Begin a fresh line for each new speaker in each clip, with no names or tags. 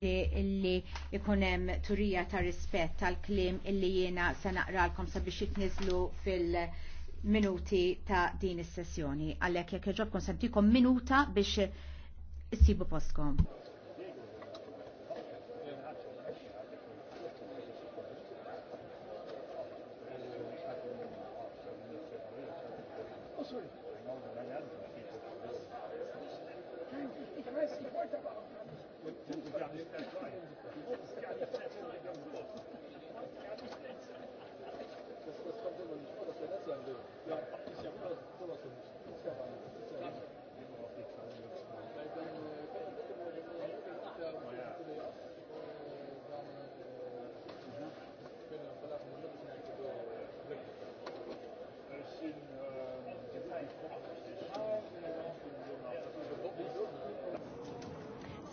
illi ikunem turija ta' rispett tal klim illi jiena se naqralkom sabiex jitnizlu fil-minuti ta' din is-sessjoni. Għalhekk jekk iġobkom sentikom minuta biex issibu postkom. Oh, sorry.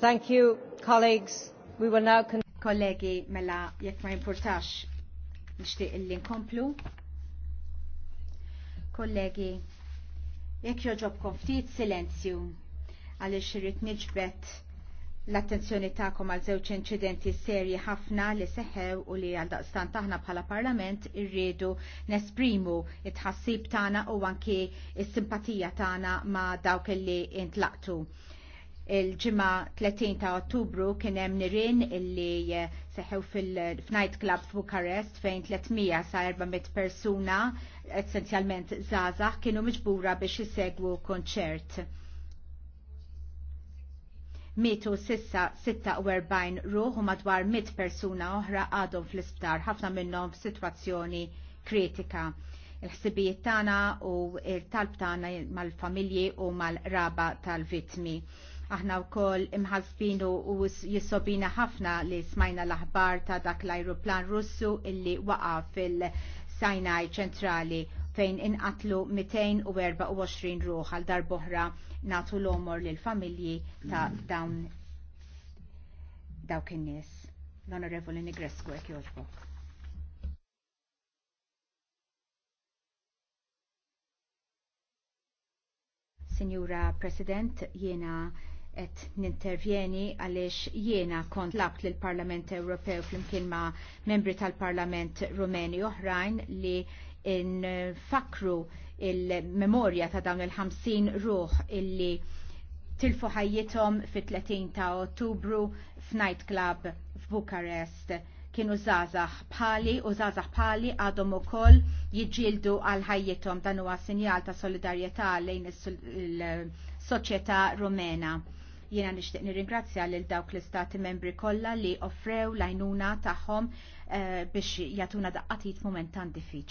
Thank you, colleagues. We will now Kollegi, mela, jekk ma importax, nishtiq illi nkomplu. Kollegi, jekk jogħġobkom ftit silenzju, għaliex irid niġbet l-attenzjoni ta'kom għal żewġ inċidenti serji ħafna li seħew u li għal daqstan taħna bħala parlament irridu nesprimu it-ħassib tagħna u anki is-simpatija tagħna ma' dawk li intlaqtu il-ġimma 30 ta' ottubru kien hemm nirien illi eh, seħew fil-Night Club f'Bukarest fejn 300 sa 400 persuna essenzjalment żgħażagħ kienu miġbura biex isegwu konċert. Mietu sissa 46 ruħ u madwar 100 persuna oħra għadhom fl-isptar, ħafna minnhom f'sitwazzjoni kritika il-ħsibijiet tagħna u il-talb tagħna mal-familji u mal-raba tal-vitmi. Aħna wkoll imħasbin u jissobina ħafna li smajna l-aħbar ta' dak l-ajruplan Russu illi waqa fil sajnaj ċentrali fejn inqatlu 224 ruħ għal darboħra natu l-omor l familji ta' dawn dawk in-nies. L-Onorevoli Nigresku ek joġbok. Signora President, jiena et nintervjeni għaliex jiena kont labt l parlament Ewropew flimkien ma' membri tal-Parlament Rumeni oħrajn li nfakru il-memorja ta' dawn il-50 ruħ illi tilfu ħajjithom fit-30 ta' Ottubru f'Night Club f'Bukarest kienu zazax bħali u zazax Pali għadhom ukoll jiġġieldu għal ħajjithom dan huwa sinjal ta' solidarjetà lejn is-soċjetà Rumena. Jiena nixtieq nirringrazzja lil dawk l-istati membri kollha li offrew l-għajnuna tagħhom eh, biex jagħtuna daqqatit momentan diffiċli.